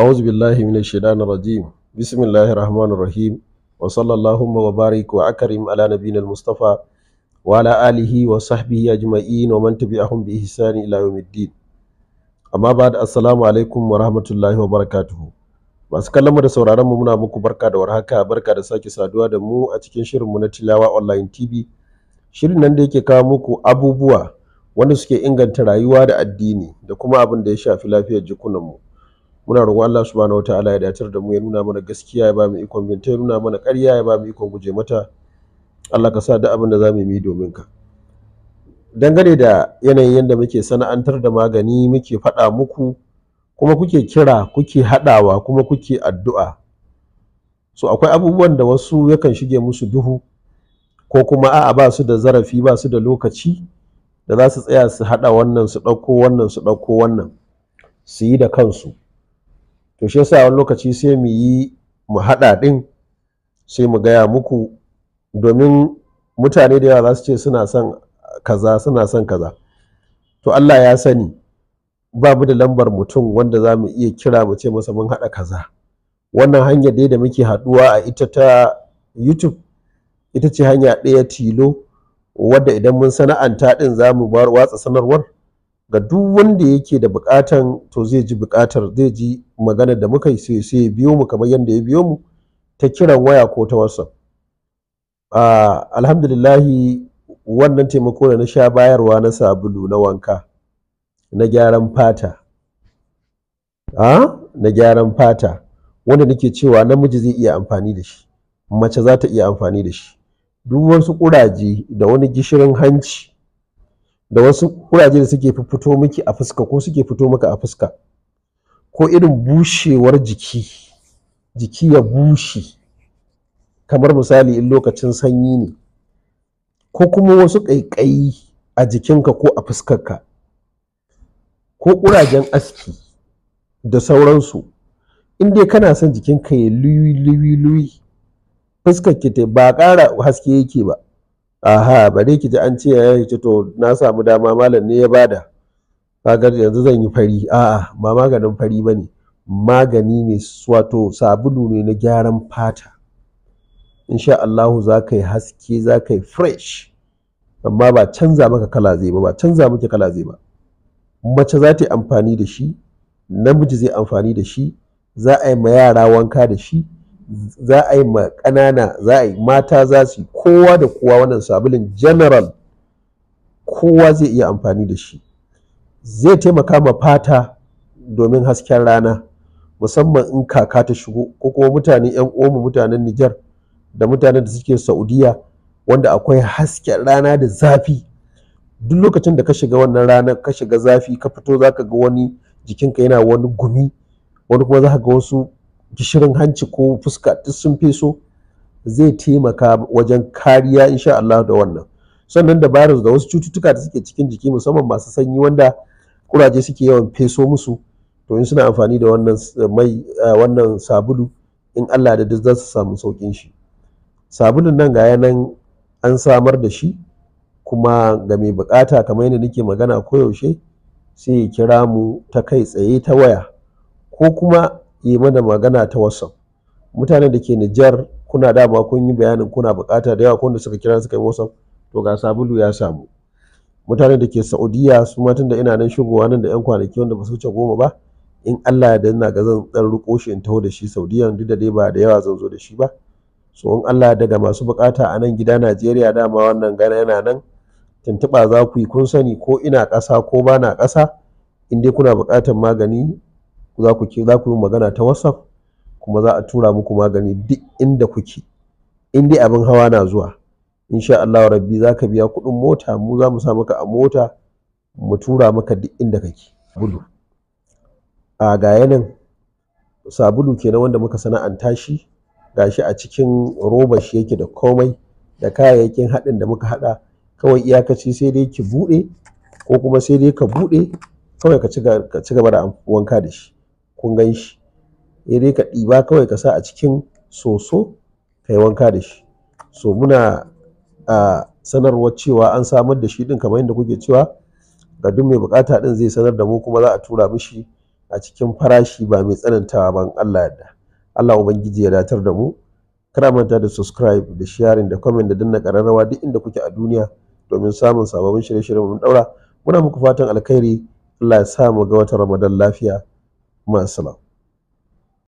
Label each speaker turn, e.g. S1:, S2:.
S1: أعوذ بالله من الشيطان الرجيم بسم الله الرحمن الرحيم وصلى اللهم وبارك وأكرم على نبينا المصطفى وعلى آله وصحبه أجمعين ومن تبعهم بإحسان إلى يوم الدين amma ba da assalamu alaikum wa rahmatullahi wa masu kallon mu da sauraron mu muna muku barka da warhaka barka da sake saduwa da mu a cikin shirin mu na tilawa online tv shirin nan da yake kawo muku abubuwa wanda suke inganta rayuwa da addini da kuma abin da ya shafi lafiyar jikunan mu muna roƙon Allah subhanahu wataala ya datar da mu ya nuna mana gaskiya ya ba mu ikon binta ya nuna mana ƙarya ya ba mu ikon guje mata Allah ka sa da abin da za mu yi domin ka dangane da yanayin yadda muke sana'antar da magani muke faɗa muku kuma kuke kira kuke haɗawa kuma kuke addu'a so akwai abubuwan da wasu yakan shige musu duhu ko kuma a'a ba su da zarafi ba su da lokaci da za su tsaya su haɗa wannan su ɗauko wannan su ɗauko wannan su yi da kansu to shi yasa wani lokaci sai mu yi mu haɗa ɗin sai mu gaya muku domin mutane da yawa za su ce suna son kaza suna son kaza to Allah ya sani ba mu da lambar mutum wanda za mu iya kira mu ce masa mun haɗa kaza wannan hanyar dai da muke haɗuwa a ita ta youtube ita ce hanya ɗaya tilo wadda idan mun sana'anta ɗin za mu watsa sanarwar ga duk wanda yake da bukatan to zai ji bukatar zai ji magana da muka yi sai ya biyo mu kamar yadda ya biyo mu ta kiran waya ko ta whatsapp uh, alhamdulillahi wannan taimako da na sha bayarwa na sabulu na wanka na gyaran fata na gyaran fata wanda nake cewa namiji zai iya amfani da shi mace za ta iya amfani da shi duk wasu ƙuraje da wani gishirin hanci da wasu kuraje da suke fito miki a fuska ko suke fito maka a fuska ko irin bushewar jiki jiki ya bushe kamar misali in lokacin sanyi ne ko kuma wasu ƙaiƙayi a jikinka ko a fuskarka ko ƙurajen aski da sauransu in dai kana son jikinka ya luyi luyi luyi fuskar ki ba ƙara haske yake ba aha bari ki ji an ce ya ce to na samu dama malam ne ya bada kaga yanzu zan yi fari a'a ba maganin fari bane magani ne wato sabulu ne na gyaran fata insha Allah za ka yi haske za ka yi fresh amma ba canza maka kala zai ba ba canza miki kala zai ba mace za ta yi amfani da shi namiji zai amfani da shi za a yi ma yara wanka da shi za a yi ma ƙanana za a yi mata za su yi kowa da kowa wannan sabulin general kowa zai iya amfani da shi zai taimaka ma fata domin hasken rana musamman in kaka ta shigo ko kuma mutane yan omu mutanen Nijar da mutanen da suke Saudiya wanda akwai hasken rana da zafi duk lokacin da ka shiga wannan rana ka shiga zafi ka fito zaka ga wani jikinka yana wani gumi wani kuma za ka ga wasu gishirin hanci ko fuska duk sun feso zai taimaka wajen kariya insha Allah da wannan sannan da virus da wasu cututtuka da suke cikin jiki musamman masu sanyi wanda kuraje suke yawan feso musu to in suna amfani da wannan mai wannan sabulu in Allah da duk za su samu saukin shi sabulun nan ga yanan an samar da shi kuma ga mai bukata kamar yadda nake magana koyaushe sai ya kira mu ta kai tsaye ta waya ko kuma yi mana magana ta wasan mutane da ke Nijar kuna dama kun yi bayanin kuna bukata da yawa kun da suka kira suka yi wasan to ga sabulu ya samu. mutane da ke Saudiya su matan da ina nan shigowa nan da 'yan kwanaki wanda ba su wuce goma ba in Allah ya danna ga zan dan riko shi in taho da shi Saudiya duk da dai ba da yawa zan zo da shi ba. So in Allah daga masu bukata a nan gida Najeriya dama wannan gana yana nan tuntuɓa za ku yi kun sani ko ina ƙasa ko ba na ƙasa in dai kuna buƙatar magani za ku za ku yi magana ta whatsapp kuma za a tura muku magani duk inda kuke in dai abin hawa na zuwa insha Allah rabbi za ka biya kuɗin mota mu za mu sa maka a mota mu tura maka duk inda kake bulu a ga yanin sabulu kenan wanda muka sana'anta shi gashi a cikin roba shi yake da komai da kayayyakin haɗin da muka haɗa kawai iyakaci sai dai ki buɗe ko kuma sai dai ka buɗe kawai ka ci gaba da wanka da shi kun gan shi dai ka ɗiba kawai ka sa a cikin soso ka yi wanka da shi so muna a sanarwar cewa an samar da shi ɗin kamar yadda kuke cewa ga duk mai bukata ɗin zai sanar da mu kuma za a tura mishi a cikin farashi ba mai tsanantawa ban Allah yadda Allah ubangiji ya datar da mu kada manta da subscribe da sharin da comment da danna kararrawa duk inda kuke a duniya domin samun sababbin shirye-shiryen mun daura muna muku fatan alkhairi Allah ya sa mu ga wata Ramadan lafiya ma'assalam